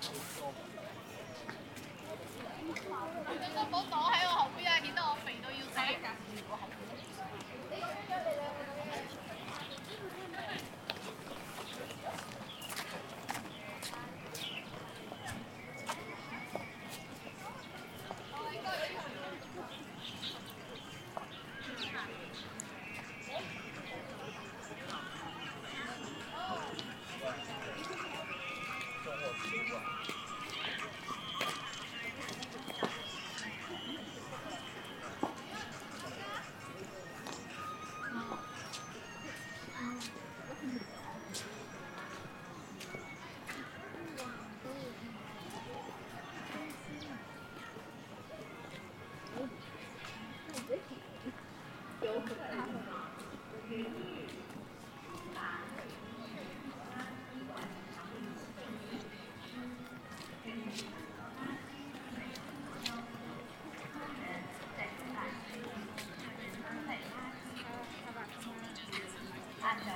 你都冇躲喺我後邊啊，顯得我肥到要死。